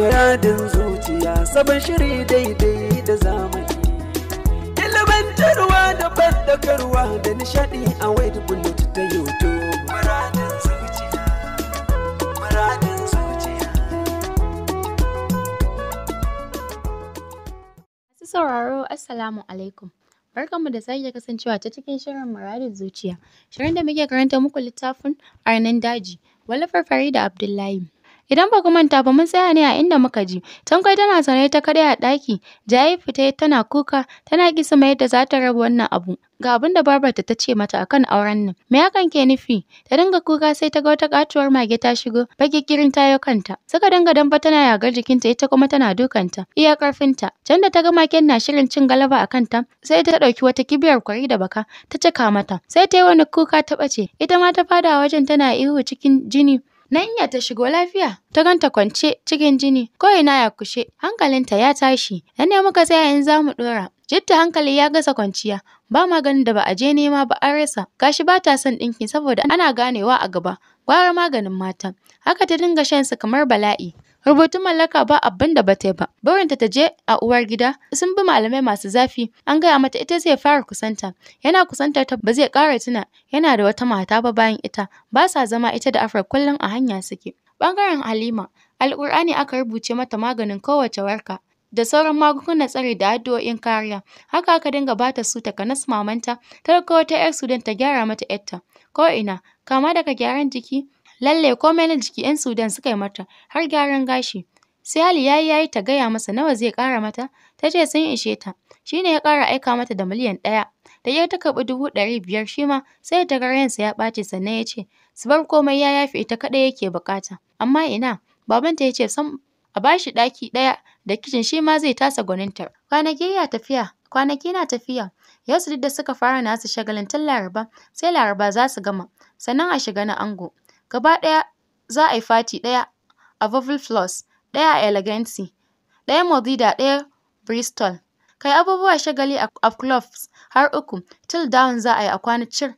Muradin zuciya sabon shiri daidai da zamani. Ilimantarwa da bandakarwa da nishadi a wade bullet ta YouTube. Muradin zuciya, muradin zuciya. sauraro Assalamu alaikum. Barkanmu da sake kasancewa ta cikin shirin muradin zuciya. Shirin da muke karanta muku littafin Arnan Daji, wallafar da Abdullahi. Idan ba ku manta ba mun tsaya ne a inda muka ji. Tankwai tana zaune ta kaɗai a ɗaki. Jayi fita tana kuka tana kisa mai yadda za ta raba wannan abu. Ga abin da Barbata ta ce mata akan auren nan. Me hakan ke nufi? Ta dinga kuka sai ta ga wata katuwar mage ta shigo bakikirin tayo kanta. Suka dinga damba tana yagar jikinta ita kuma tana dukanta. Iya ƙarfinta. Can da ta ga maken na shirin cin galaba a kanta sai ta ɗauki wata kibiyar kwari da baka ta cika mata. Sai ta yi wani kuka ta ɓace. Ita ma ta fada wajen tana ihu cikin jini na iya ta shigo lafiya, ta ganta kwance cikin jini, ko ina ya kushe, hankalinta ya tashi, ya nemi muka tsaya in za mu ɗora. Jitta hankali ya gasa kwanciya, ba maganin da ba a je nema ba an rasa, gashi ba ta son ɗinki saboda ana ganewa a gaba, gwara maganin mata. Haka ta dinga shan su kamar bala'i. Rubutun mallaka ba abin da ba ta yi ba. Burinta ta je a uwar gida sun bi malamai masu zafi an gaya mata ita zai fara kusanta. Yana kusantar ta ba zai ƙara tuna yana da wata mata ba bayan ita ba sa zama ita da Afra kullum a hanya suke. Bangaren Halima Alƙur'ani aka rubuce mata maganin kowace warka da sauran magungunan tsari da addu'o'in kariya. Haka aka dinga ba ta su ta takanas mamanta, ta ko wata 'yar Sudan ta gyara mata 'yarta. Ko ina, kama daga gyaran jiki, Lalle komai na jiki ‘yan Sudan suka yi mata har gyaran gashi. Sai Ali ya yi ta gaya masa nawa zai ƙara mata, ta ce sun ishe ta. Shi ne ya ƙara aika mata da miliyan ɗaya. Da ya ta karɓi dubu ɗari biyar shi ma sai ta ga ransa ya ɓaci sannan ya ce su bar komai ya yafe ita kaɗai yake buƙata. Amma ina, babanta ya ce sam a ba ɗaki ɗaya da kicin shi ma zai tasa gwaninta. Kwanaki ya tafiya, kwanaki na tafiya. Yau su da suka fara nasu shagalin tun Laraba, sai Laraba za su gama, sannan a shiga na ango. Gaba ɗaya za a yi Fati ɗaya a Baffle Floors, ɗaya a Elegancy, ɗaya Mordida ɗaya Bristol, kai abubuwa shagali a clubs har uku Till Dawn za a yi a kwanacin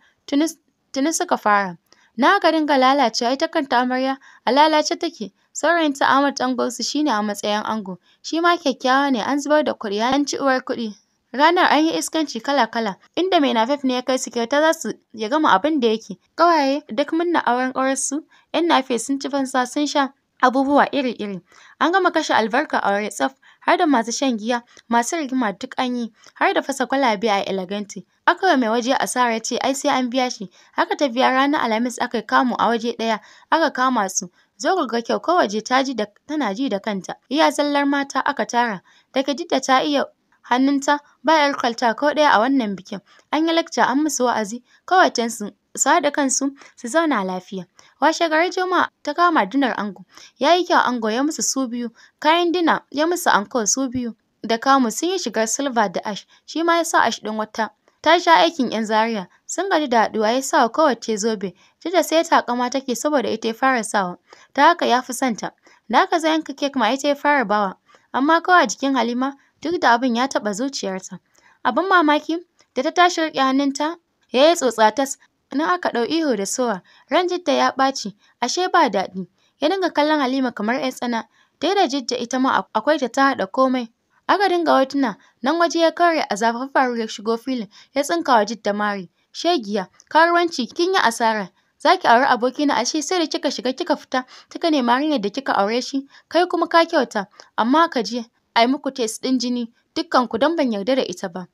tuni suka fara, Na aka dinga lalacewa ita kanta amarya a lalace take, saurayinta Ahmad Angonsu shi ne a matsayin ango, shi ma kyakkyawa ne an zubar da kuɗi an ci uwar kuɗi. Ranar an yi iskanci kala-kala, inda mai nafef ne ya kai su kyauta za su ya gama abin da yake. Ƙawaye duk munna auren ƙawarsu, ‘yan nafe sun ci fansa sun sha abubuwa iri-iri. An gama kashe albarka aure tsaf, har da masu shan giya, masu rigima duk an yi, har da fasa kwalabe a elegante. Aka mai waje asara ce ai sai an biya shi, haka ta biya ranar Alhamis aka kamo kamu a waje ɗaya, aka kama su. zo ga kyau kowace ta ji da tana ji da kanta iya zallar mata aka tara daga jidda ta iya hannunta ba ‘yar'kwalta ko ɗaya a wannan bikin. An yi lakca an musu wa'azi, kowacensu su haɗa kansu su zauna lafiya. Washegari Juma'a ta kama dinar ango, ya yi kyau ango ya musu su biyu, kayan dina ya musu anko su biyu, da kamu sun yi shigar silba da ash, shi ma ya sa ash ɗin wata. Ta sha aikin ‘yan Zaria, sun gaji da haɗuwa ya sa wa kowacce zobe, jida sai takama take saboda ita ya fara sawa, ta haka ya fi santa. Da haka zai yanka kek ma ita ya fara bawa, amma kawai a jikin Halima duk da abin ya taɓa zuciyarta. Abin mamaki da ta tashi riƙe hannunta ya yi tsotsa tas nan aka ɗau ihu da sowa ran jidda ya ɓaci ashe ba daɗi ya dinga kallon Halima kamar ‘yar tsana dai da jidda ita ma akwai ta ta haɗa komai. Aka dinga hotuna nan waje ya kare a zafafa ya shigo filin ya tsinka wa jidda mari shegiya karuwanci kin yi asara za ki auri abokina ashe sai da kika shiga kika fita kika nemi hanyar da kika aure shi kai kuma ka kyauta amma ka je a muku test ɗin jini dukkanku don ban yarda da ita ba.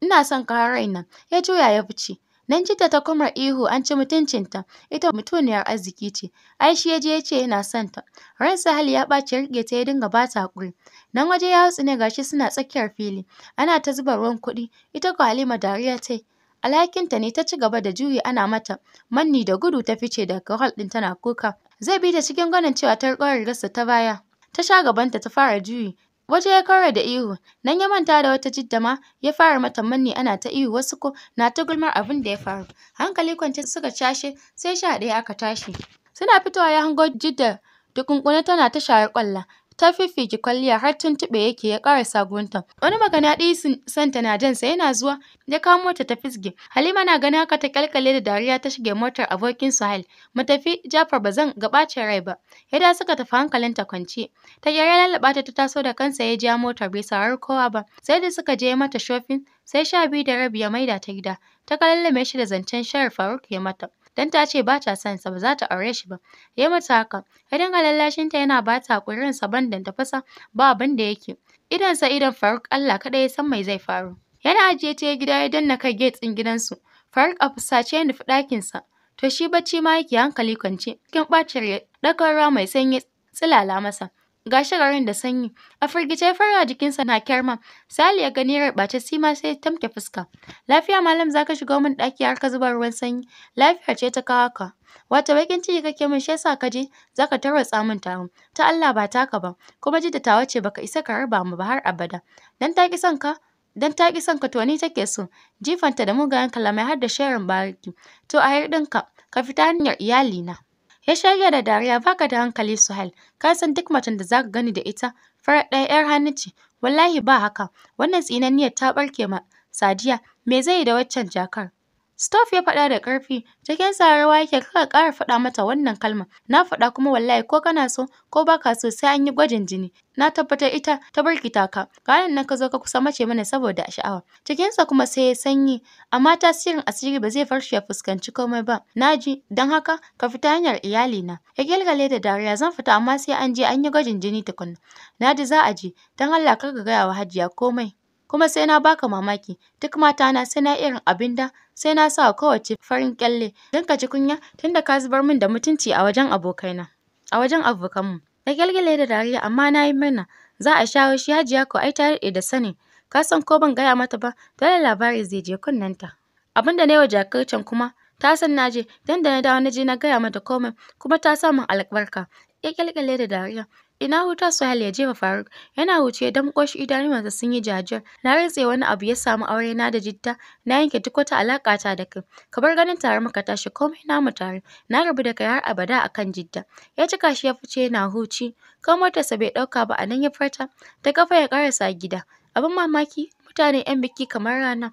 Ina son ka har raina, ya juya ya fice. Nan jita ta kumar ihu an ci mutuncinta, ita mutuniyar arziki ce, ai shi ya je ya ce yana son ta. Ran hali ya ɓaci rike ta ya dinga ba ta haƙuri. Nan waje ya hutsu ne gashi suna tsakiyar fili, ana ta zuba ruwan kuɗi, ita ko Halima dariya ta yi. Alhakinta ne ta ci gaba da juyi ana mata, manni da gudu ta fice daga hall ɗin tana kuka. Zai bi ta cikin gwanin cewa ta riƙo rigarsa ta baya. Ta sha gabanta ta fara juyi, Waje ya kaura da ihu, nan ya manta da wata jidda ma ya fara mata manni ana ta ihu wasu ko na ta gulmar abin da ya faru. Hankali kwance suka cashe sai sha ɗaya aka tashi. Suna fitowa ya hango jidda tukunkuna tana ta share ƙwalla. ta fiffike kwalliya har tuntuɓe yake ya kara sagunta. Wani magana maganaɗi santa na jansa yana zuwa ya mota ta ta fisge. Halima na ganin haka ta ƙyalƙyale da dariya ta shige motar abokin Suhail. Mu Jafar ba zan gabace rai ba. Yadda suka tafi hankalin ta kwance. Ta gyara lalaba ta taso da kansa ya ja motar bai saurari kowa ba. Sai da suka je mata shopping sai sha biyu da rabi ya maida ta gida. Ta kallame shi da zancen shayar Faruk ya mata. don ta ce ba ta son sa ba za ta aure shi ba ya mata haka ya dinga ta yana ba ta hakurin sa ban ta fasa ba abin da yake idan sa idan Faruk Allah kada ya san mai zai faru yana ajiye ta gida ya danna kai gate din gidansu Faruk a fusace ya nufi ɗakin sa to shi bacci ma yake hankali kwance kin ɓacin ya ɗakan ruwa mai sanyi tsilala masa gashi garin da sanyi. A firgice fara jikinsa na kyarma. Sali ya gani ya si ma sai tamke fuska. Lafiya malam zaka ka shigo min ɗaki har ka zuba ruwan sanyi. Lafiya ce ta kawo ka. Wata bakin ciki kake min shi yasa ka je zaka ka tarwatsa min taron. Ta Allah ba taka ba. Kuma ji da tawa ce baka isa ka raba mu ba har abada. Dan ta ki son ka dan ta ki son ka to ni take so. Jifanta da mugayen kalamai har da sharin bariki. To a ɗinka ka fita hanyar iyalina. Ya shage da dariya baka da hankali Suhail, ka san duk macen da zaka gani da ita farar ɗaya ‘yar hannu ce, wallahi ba haka, wannan tsinanniyar ta ɓarke ma Sadiya, me zai yi da waccan jakar? Stop ya faɗa da ƙarfi, jikinsa rawa yake kaka ƙara faɗa mata wannan kalma. Na faɗa kuma wallahi ko kana so ko ba ka so sai an yi gwajin jini. Na tabbatar ita ta birkita ka, ranar na ka zo ka kusa mace mana saboda sha'awa. cikinsa kuma sai ya sanyi, amma tasirin asiri ba zai shi ya fuskanci komai ba. Na ji, don haka ka fita hanyar iyalina. Ya gilgale da dariya zan fita amma sai an je an yi gwajin jini tukunna. Na ji za a je, don Allah kar ka gaya wa Hajiya komai. kuma sai na baka mamaki duk matana sai na irin abin da sai na sa kowace farin kyalle don ka ji kunya tunda ka zubar min da mutunci a wajen abokaina a wajen abokanmu na kyalkyale da dariya amma na yi murna za a shawo shi hajiya ko ai ta riɗe da sani. ka san ko ban gaya mata ba dole labari zai je kunnenta abin da na yi wa jakarcan kuma ta san na je don da na dawo na je na gaya mata komai kuma ta sa min albarka ya kyalkyale da dariya Ina wuta Suhail ya jefa Faruk, yana huce dan ƙoshi idanuwansa sun yi jajir. Na rantse wani abu ya samu aure na da jitta, na yanke duk wata alaƙa ta da kai. Ka bar ganin tare muka tashi komai namu tare. Na rabu da kai har abada akan jidda. Ya cika shi ya fice yana huci. Kamartarsa bai ɗauka ba a nan ya farta, ta kafa ya karasa gida. Abin mamaki, mutane 'yan biki kamar rana.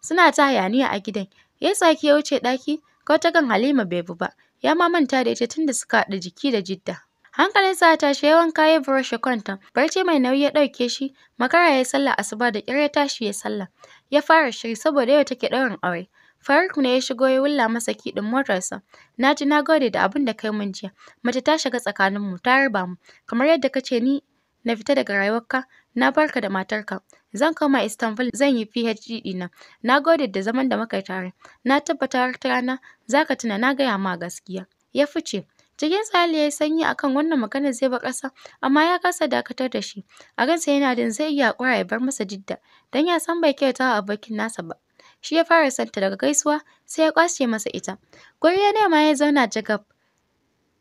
Suna ta hayaniya a gidan. Ya tsaki ya wuce ɗaki, kan Halima bai bu ba. Ya ma manta da ita tunda suka haɗa jiki da jidda. Hankalinsa ta tashe yawan kayan brush ya kwanta. Barci mai nauyi ya ɗauke shi, makara ya yi sallah asuba da ƙyar ya tashi ya sallah. Ya fara shiri saboda yau take ɗaurin aure. Faruk ne ya shigo ya wulla masa kiɗin motarsa. Na ji na gode da abin da kai mun jiya. Mace ta shiga tsakaninmu ta raba mu. Kamar yadda ka ce ni na fita daga rayuwarka, na barka da matarka. Zan koma Istanbul zan yi PhD ɗina. Na gode da zaman da muka yi tare. Na tabbata har ta rana za ka tuna na gaya ma gaskiya. Ya fice. Jirgin Sahal yayi sanyi akan wannan maganar zai ba ƙasa amma ya kasa dakatar da shi. A gansa yana jin zai iya haƙura bar masa Jidda Dan ya san bai kyauta a abokin nasa ba. Shi ya fara santa daga gaisuwa sai ya ƙwace masa ita. Guri ya nema ya zauna jagab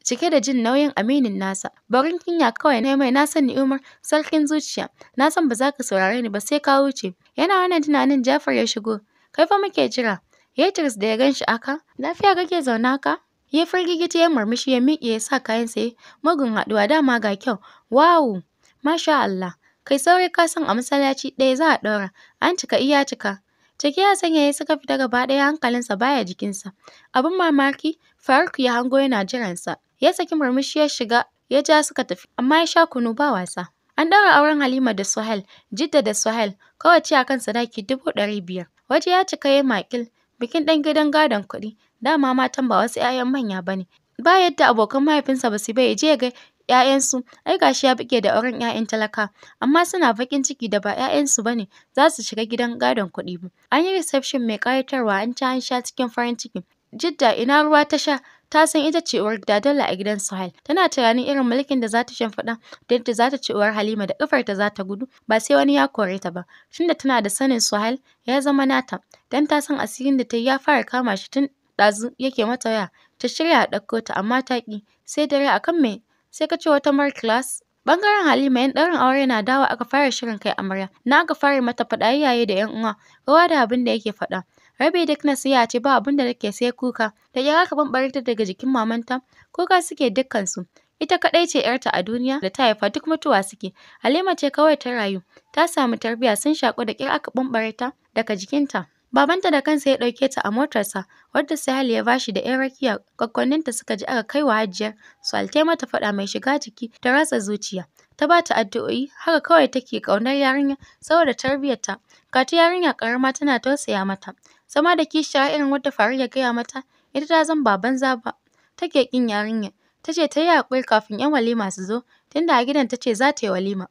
cike da jin nauyin aminin nasa. Barin kinya kawai na mai na san ni Umar sarkin zuciya. Na san ba za ka saurare ni ba sai ka wuce. Yana wannan tunanin Jafar ya shigo. Kai fa muke jira. Yatris da ya gan shi aka, lafiya kake zaune haka? Ya firgigita ya murmushi ya miƙe ya sa kayan sai mugun haɗuwa dama ga kyau. wawu Masha Allah! Kai saurayi ka san a masallaci ɗaya za a ɗaura. An cika iya cika. Cike ya sanya ya suka fita gaba ɗaya hankalinsa baya jikinsa. Abin mamaki Faruk ya hango yana jiransa. Ya saki murmushi ya shiga ya ja suka tafi amma ya sha kunu ba wasa. An ɗaura auren Halima da Suhail, Jidda da Suhail, kawace a kan sadaki dubu ɗari biyar. Waje ya cika ya makil, bikin ɗan gidan gadon kuɗi. dama matan ba wasu ‘ya'yan manya ba ne. Ba yadda abokan mahaifinsa ba su bai ya je ya ga ‘ya'yansu, ai gashi ya buge da auren ‘ya'yan talaka, amma suna baƙin ciki da ba ‘ya'yansu ba ne za su shiga gidan gadon kuɗi ba. An yi reception mai ƙayatarwa an ci an sha cikin farin ciki. Jidda ina ruwa ta sha ta san ita ce uwar Dadalla a gidan Suhail. Tana tunanin irin mulkin da za ta shimfiɗa da yadda za ta ce uwar Halima da ta za ta gudu ba sai wani ya kore ta ba. Tunda tana da sanin Suhail ya zama nata, Dan ta san asirin da ta yi ya fara kama shi tun ɗazu yake mata waya ta shirya a ɗauko ta amma ta ƙi sai dare akan me sai ka ce wata mar class Bangaren Halima yan ɗaurin aure na dawa aka fara shirin kai amarya. Na aka fara mata faɗa iyaye da 'yan uwa, kowa da abin da yake faɗa. Rabi duk nasiha ce ba abin da nake sai kuka. Da ya aka bambare ta daga jikin mamanta, kuka suke dukkansu. Ita kaɗai ce 'yarta a duniya da ta haifa duk mutuwa suke. Halima ce kawai ta rayu, ta samu tarbiyya sun shaƙu da ƙyar aka bambare ta daga jikinta. Babanta da kansa ya ɗauke ta a motarsa, wadda Sahal ya bashi da ‘yan rakiya. Kakanninta suka ji aka kai wa Hajiyar, Su'al mata faɗa mai shiga jiki ta ratsa zuciya. Ta ba ta addu'o'i, haka kawai take ƙaunar yarinya saboda tarbiyyarta. Kati yarinya ƙarama tana tausaya mata. Zama da kishiya irin wadda Faruk ya gaya mata, ita ta zan ba banza ba. Take ƙin yarinya. Ta ce ta yi haƙuri kafin ‘yan walima su zo, tunda a gidan ta ce za ta yi walima.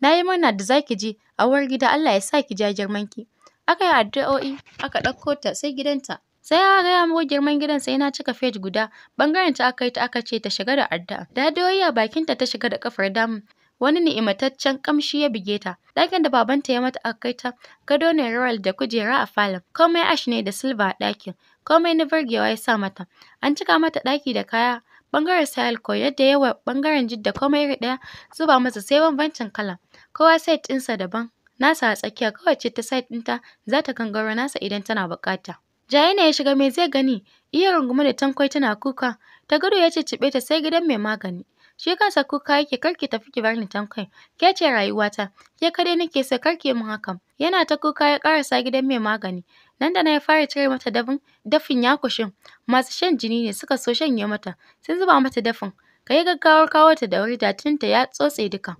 Na yi murna da za ki je, a uwar gida Allah ya sa ki ja girmanki. Aka yi addu'o'i aka ɗauko ta sai gidanta. Sai aka gaya muku girman gidan sai na cika fej guda. Bangaren ta aka yi ta aka ce ta shiga da addu'a. Da addu'o'i a bakinta ta shiga da kafar damu. wani ni'imataccen kamshi ya bige ta. Ɗakin da babanta ya mata aka kai ta, gado ne royal da kujera a falon. Komai ash ne da silva a ɗakin, komai na burgewa ya sa mata. An cika mata ɗaki da kaya, ɓangaren sayal ko yadda yawa ɓangaren jidda komai iri ɗaya zuba masa sai bambancin kala. Kowa set ɗinsa daban. nasa a tsakiya kawai ce ta side ɗinta za ta gangaro nasa idan tana buƙata. Jayena ya shiga me zai gani, iya rungume da tankwai tana kuka, ta gado ya ce cibe ta sai gidan mai magani. Shi kansa kuka yake karki tafi ki bar ni tankwai, ke ce rayuwata, ke kaɗai nake sai karki mun hakan. Yana ta kuka ya ƙarasa gidan mai magani, nan da na ya fara cire mata dafin, dafin ya kushin, masu shan jini ne suka so shanye mata, sun zuba mata dafin, ka yi gaggawar kawo ta da wuri da ta ya tsotse duka.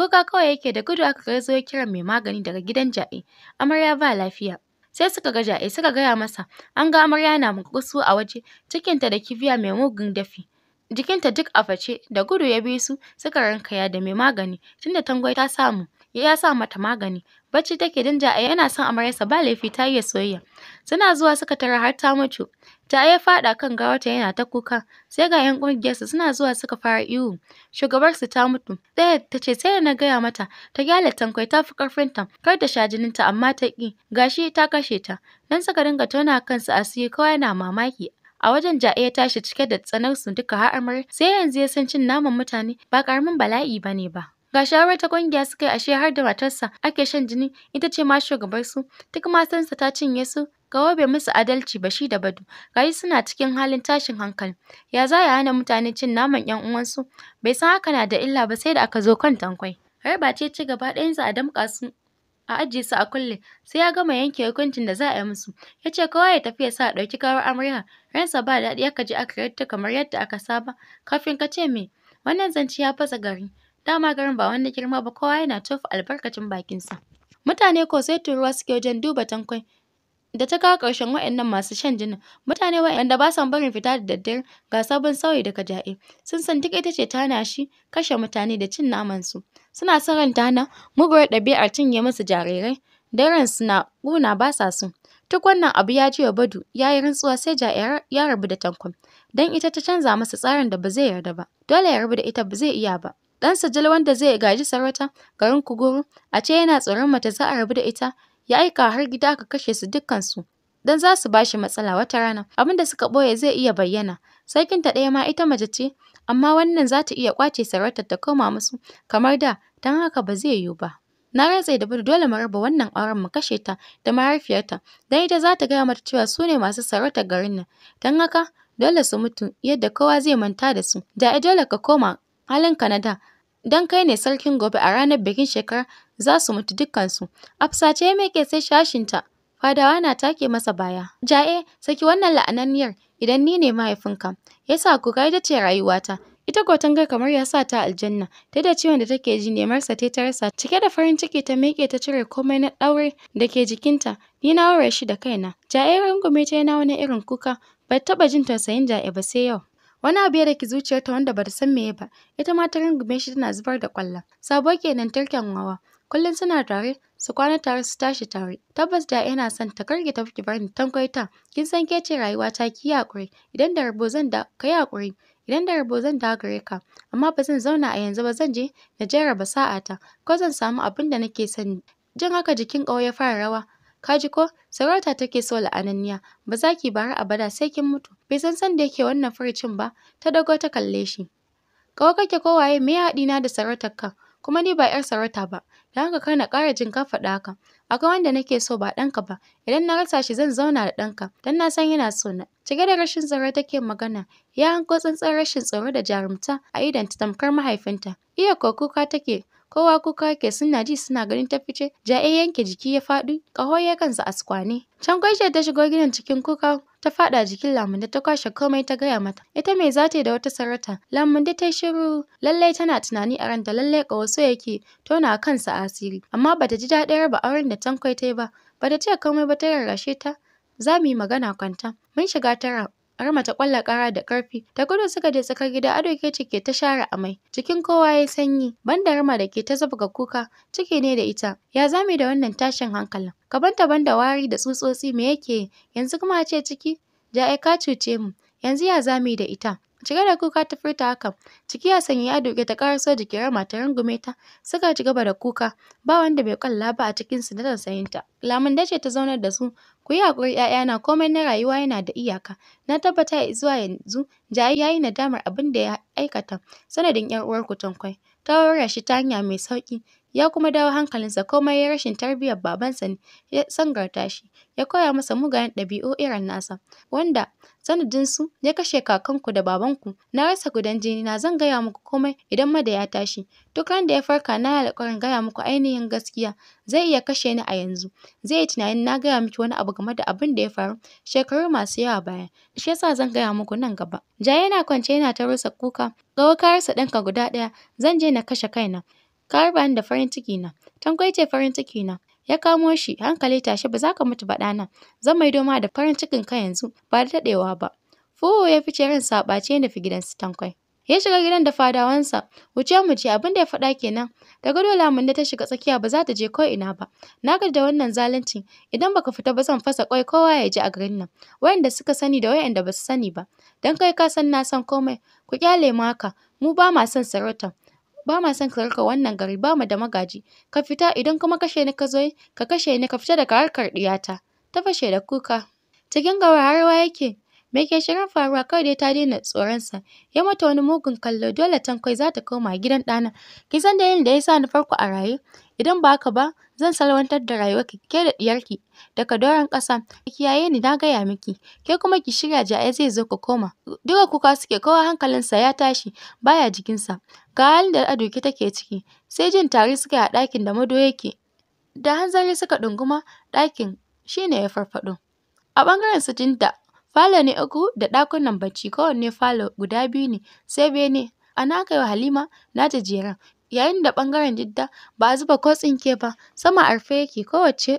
Kuka kawai yake da gudu aka zo kiran mai magani daga gidan Ja'e. Amarya ba lafiya. Sai suka ga Ja'e suka gaya masa an ga amarya na mukusu a waje cikinta da kifiya mai mugun dafi. Jikinta duk a face da gudu ya bi su suka rankaya da mai magani tunda tangoi ta samu ya sa mata magani Bacci take don ja'ai yana son amaryarsa ba laifi ta iya soyayya. Suna zuwa suka tara har ta mutu. Ta ya faɗa kan gawarta yana ta kuka. Sai ga 'yan ƙungiyarsa suna zuwa suka fara ihu. Shugabarsu ta mutu. Ɗaya ta ce sai da na gaya mata. Ta gyale tankwai ta fi ta Kar ta sha ta amma ta ƙi. Gashi ta kashe ta. dan suka dinga tona kansu asiri kawai yana mamaki. a wajen ja'e ya tashi cike da tsanar su duka har amar sai yanzu ya san cin naman mutane ba karamin bala'i bane ba. Ga shi ta ƙungiya suka yi ashe har da matarsa ake shan jini ita ce ma shugabarsu duk matansa ta cinye su Gawo bai musu adalci ba shi da Badu, yi suna cikin halin tashin hankali. Ya za ya hana mutane cin naman 'yan uwansu? Bai san haka na da illa ba sai da aka zo kan tankwai. ba ce ci gaba ɗayansa a damƙa su a ajiye su a kulle sai ya gama yanke hukuncin da za a yi musu. Ya ce kowa ya tafi ya sa a ɗauki kawar amarya. Ransa ba daɗi aka je aka yarda kamar yadda aka saba. Kafin ka ce me? Wannan zance ya fasa gari. Dama garin ba wani girma ba kowa yana tofa albarkacin bakinsa. Mutane ko sai turuwa suke wajen duba tankwai. da ta kawo ƙarshen waɗannan masu shan jinin mutane waɗanda ba san barin fita da daddare ga sabon sauyi daga ja'i sun san duk ita ce ta hana shi kashe mutane da cin naman su suna son ranta hana muguwar ɗabi'ar cinye musu jarirai daren suna ƙuna ba sa so duk wannan abu ya ji badu ya yi rantsuwa sai ja'i ya rabu da tankon don ita ta canza masa tsarin da ba zai yarda ba dole ya rabu da ita ba zai iya ba Ɗansa Jal wanda zai gaji sarauta garin Kuguru a ce yana tsoron mata za a rabu da ita ya aika har gida aka kashe su dukkansu don za su ba matsala wata rana abin da suka ɓoye zai iya bayyana sarkinta ɗaya ma ita mace ce amma wannan za ta iya ƙwace sarautar ta koma musu kamar da don haka ba zai yiwu ba. Na ratse da bin dole mu raba wannan auren mu kashe ta da mahaifiyarta don ita za ta gaya mata cewa su ne masu sarautar garin nan don haka dole su mutu yadda kowa zai manta da su da dole ka koma Halin Kanada. Dan don kai ne sarkin gobe a ranar bikin shekara za su mutu dukkansu. ce ya meke sai shashinta, fadawa na take masa baya. Ja'e, eh, saki wannan la'ananniyar idan ni ne mahaifinka. Ya sa ku ga ita ce rayuwata. Ita ko kamar ya sa ta aljanna, ta da ciwon da take ji nemarsa ta ta rasa. Cike da farin ciki ta miƙe ta cire komai na ɗaure da ke jikinta, ni na aure shi da kaina. Ja'e eh, rungume ta yana wani irin kuka, bai taɓa jin tausayin Ja'e eh, ba sai yau. Wani abu ya daki zuciyarta wanda bata san meye ba, ita ma ta rungume shi tana zubar da ƙwallon. Sabo kenan turken wawa, kullum suna tare, su kwana tare su tashi tare. Tabbas da yana son ta karge ta ki barni tankwaita. Kin san ke ce rayuwa ta ki hakuri. Idan da rabo zan da ka hakuri. Idan da rabo zan da gare ka. Amma ba zan zauna a yanzu ba zan je na jarraba sa'ata. Ko zan samu abin da nake sani. Jin haka jikin ƙawo ya fara rawa. kaji ko? Sarauta take so la'ananniya, ba za ki ba har abada sai kin mutu. Bai san san da yake wannan furicin ba, ta dago ta kalle shi. Kawo kake ko waye me ya na da sarautar ka? Kuma ni ba 'yar sarauta ba, dan haka kar na ƙara jin ka faɗa haka. Akwai wanda nake so ba ɗanka ba, idan na rasa shi zan zauna da ɗanka, dan na san yana so na. Cike da rashin tsaro take magana, ya hanko tsantsan rashin tsaro da jarumta a ta tamkar mahaifinta. Iya ko kuka take, kowa kuka ke suna ji suna ganin ta fice ja ja'e yanke jiki ya faɗi Kaho ya kansa a sukwane can kwaishe ta shigo gidan cikin kuka ta faɗa jikin lamunde ta kwashe komai ta gaya mata ita mai zata da wata sarata. lamunde ta shiru lallai tana tunani a ranta lallai ƙawaso yake tona kansa asiri amma bata ji daɗin raba auren da tankwai ta yi ba bata ce komai ba ta rarrashe ta za mu yi magana kwanta mun shiga tara Arma ta kwalla kara da karfi. Ta gudu suka je tsakar gida ado ke cike ta share amai. Cikin kowa yayi sanyi. Banda rama da ke ta zabga kuka ciki ne da ita. Ya zame da wannan tashin hankalin. Kabanta banda wari da tsutsotsi me yake Yanzu kuma a ce ciki? Ja ai ka cuce mu. Yanzu ya zame da ita. Cike da kuka ta furta hakan, ciki ya sanya ya duke ta karaso jikin rama ta rungume ta, suka ci gaba da kuka, ba wanda bai kwalla ba a cikin su na tausayin ta. Lamun dace ta zaunar da su, ku yi hakuri na komai na rayuwa yana da iyaka. Na tabbata zuwa yanzu Jayi yayi nadamar abin da ya aikata sanadin yar uwar ku tankwai. Ta warware shi ta hanya mai sauƙi. ya kuma dawo hankalinsa komai ya rashin tarbiyyar babansa ne ya sangarta shi ya koya masa mugayen ɗabi'u irin nasa wanda sanadinsu ya kashe kakanku da babanku na rasa gudan jini na zan gaya muku komai idan mada ya tashi duk randa da ya farka na yi alƙawarin gaya muku ainihin gaskiya zai iya kashe ni a yanzu zai yi tunanin na gaya miki wani abu game da abin da ya faru shekaru masu yawa baya shi yasa zan gaya muku nan gaba ja yana kwance yana ta rusa kuka ga rasa ɗanka guda ɗaya zan je na kashe kaina ka harba ni da farin ciki na Tankwai ce farin ciki na ya kamo shi hankali tashi ba za ka mutu ba ɗana zan maido ma da farin cikin ka yanzu ba da daɗewa ba Fuhu ya fice ran saɓace ya nufi gidan su Tankwai ya shiga gidan da fadawansa wuce mu ce abin da ya faɗa kenan Da dole mun da ta shiga tsakiya ba za ta je ko ina ba na ga da wannan zalunci idan baka fita ba zan fasa kwai kowa ya ji a garin nan wayanda suka sani da wayanda ba su sani ba dan kai ka san na san komai ku kyale mu haka mu ba ma son sarauta ba ma son ka rika wannan gari ba mu da magaji ka fita idan kuma kashe ni ka zo ka kashe ni ka fita daga harkar ɗiyata ta fashe da kuka cikin gawar harwa yake me ke shirin faruwa kawai dai ta daina sa. ya mata wani mugun kallo dole tankwai za ta koma gidan ɗana ki san dalilin da ya sa ni farko a raye idan ba haka ba zan salwantar da rayuwarki ke da ɗiyarki daga doron ƙasa ki yaye ni na gaya miki ke kuma ki shirya ja'ai zai zo ka koma duka kuka suke kowa hankalinsa ya tashi baya jikinsa ga halin da Aduke take ciki sai jin tari suka a ɗakin da Mado yake. Da hanzari suka ɗunguma ɗakin shine ne ya farfaɗo. A ɓangaren su Jinda falo ne uku da ɗakunan bacci kowanne falo guda biyu ne sai bene a na aka yi wa Halima nata jeren yayin da ɓangaren Jidda ba a zuba ko tsinke ba sama a rufe yake kowacce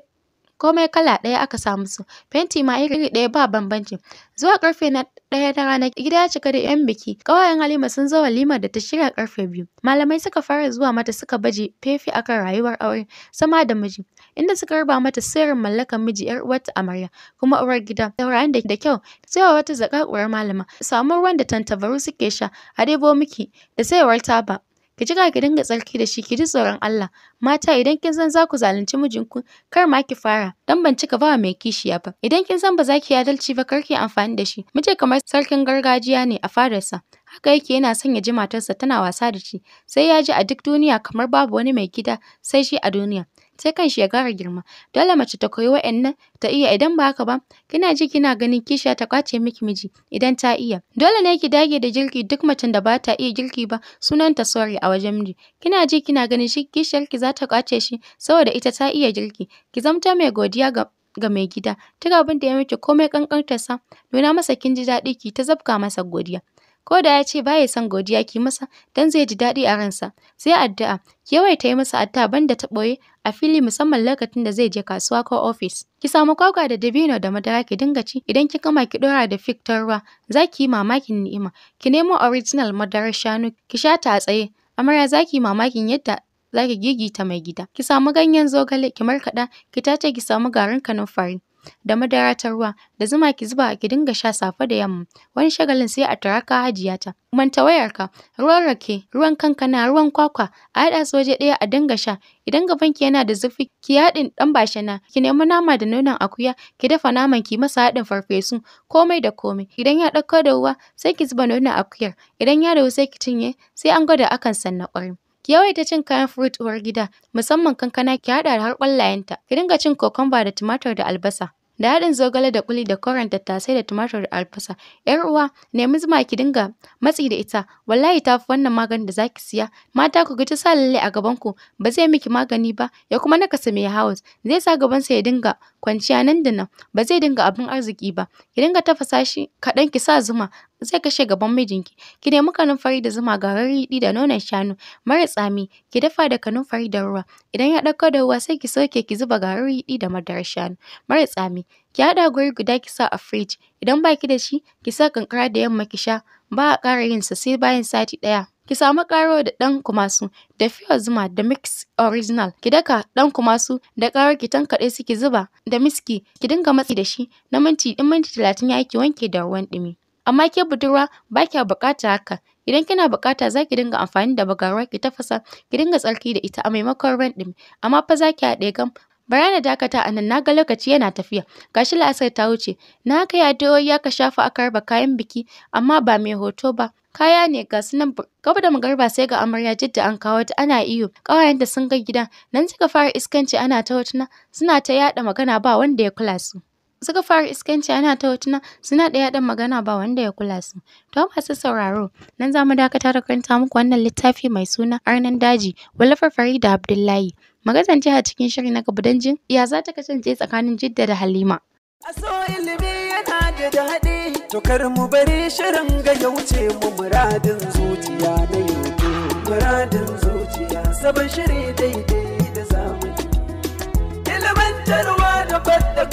komai kala ɗaya aka sa musu fenti ma iri ɗaya ba bambanci zuwa karfe na ɗaya na rana gida ya cika da yan biki ƙawayen halima sun zo walimar da ta shirya karfe biyu malamai suka fara zuwa mata suka baje fefe akan rayuwar aure sama da miji inda suka raba mata sirrin mallakar miji yar uwarta amarya kuma uwar gida tauraron da kyau wa wata zakakuwar malama samu ruwan da tantabaru suke sha a debo miki da saiwar taba ki jira ki dinga tsarki da shi ki ji tsoron Allah mata idan kin san za ku zalunci mijinku kar ma ki fara dan ban cika ba mai kishiya ba idan kin san ba za ki adalci ba kar ki amfani da shi muje kamar sarkin gargajiya ne a fadarsa haka yake yana son ya ji matarsa tana wasa da shi sai ya ji a duk duniya kamar babu wani mai gida sai shi a duniya sai kanshi ya gara girma. Dole mace ta koyi wa'yannan ta iya idan ba haka ba kina ji kina ganin kishiya ta kwace miki miji idan ta iya. Dole ne ki dage da girki duk macen da ba ta iya girki ba sunan ta sorry a wajen miji. Kina ji kina ganin shi kishiyarki za ta kwace shi saboda ita ta iya girki. Ki zamta mai godiya ga ga mai gida, duk abin da ya miki komai kankantarsa nuna masa kin ji daɗi ki ta zabka masa godiya. ko da ya ce ba ya son godiya ki masa don zai ji daɗi a ransa sai addu'a ki yawai ta yi masa addu'a banda ta ɓoye a fili musamman lokacin da zai je kasuwa ko ofis ki samu kwakwa da dabino da madara ki dinga ci idan ki kama ki ɗora da fik ta ruwa za ki yi mamakin ni'ima ki nemo original madarar shanu ki sha ta a tsaye amarya za ki yi mamakin yadda za ki gigita mai gida ki samu ganyen zogale ki markaɗa ki tace ki samu garin kanumfari. da madara ta ruwa da zuma ki zuba ki dinga sha safe da yamma wani shagalin sai a tara ka hajiya ta wayar wayarka ruwan rake ruwan kankana ruwan kwakwa a haɗa su waje ɗaya a dinga sha idan gaban ki yana da zurfi ki haɗin ɗan bashana ki nemi nama da nonon akuya ki dafa naman ki masa haɗin farfesu komai da komai idan ya ɗauko da ruwa sai ki zuba nonon akuyar idan ya dahu sai ki cinye sai an gwada akan sannan ƙwarin. Ki yawaita cin kayan fruit uwar gida, musamman kankana ki haɗa da har ƙwallayenta. Ki dinga cin kokomba da tumatur da albasa. Da haɗin zogale da kuli da koren tattasai da tumatur da albasa. ‘Yar uwa, nemi zuma ki dinga matsi da ita. Wallahi ta fi wannan maganin da za ki siya. Mata ku ta sa lalle a gabanku, ba zai miki magani ba, ya kuma nakasa mai house. Zai sa gabansa ya dinga kwanciya nan da nan ba zai dinga abin arziki ba ki dinga tafasa shi kaɗan ki sa zuma zai kashe gaban mijinki ki nemi kanunfari da zuma garin ɗi da nonon shanu mara tsami ki dafa da kanunfari da ruwa idan ya ɗauko da ruwa sai ki soke ki zuba garin ɗi da madarar shanu mara tsami ki haɗa guri guda ki sa a firij idan baki da shi ki sa kankara da yamma ki sha ba a ƙara yin sa sai bayan sati ɗaya Ki samu ƙaro da dan kumasu da fiyo zuma da mix original. Ki daka dan kumasu da karo ki tankaɗe su ki zuba da miski ki dinga matsi da shi na minti in minti talatin ya ki wanke da ruwan ɗumi. Amma ke budurwa ba kya buƙata haka. Idan kina buƙata za ki dinga amfani da bagaruwa ki tafasa ki dinga tsarki da ita a maimakon ruwan ɗumi. Amma fa za ki haɗe gam Bara na dakata a nan na ga lokaci yana tafiya. Gashi la'asar ta wuce. Na haka ya doyoyi ka shafa aka raba kayan biki amma ba mai hoto ba. Kaya ne ga sunan gaba da magarba sai ga amarya jidda an kawo ta ana iyo. Ƙawayenta sun ga gidan nan suka fara iskanci ana ta hotuna suna ta yada magana ba wanda ya kula su. suka fara iskanci ana ta hotuna suna da yada magana ba wanda ya kula su. To masu sauraro, nan za mu dakata da karanta muku wannan littafi mai suna Arnan Daji, Walafarfari Farida Abdullahi. Mu kasance a cikin shiri na gaba dan jin ya za ta kasance tsakanin Jidda da Halima. Aso ilimi yana da daɗi, to kar mu bari shirin ga ya wuce mu muradin zuciya na yau Muradin zuciya sabon shiri daidai da zamani. tarwa da faɗaka.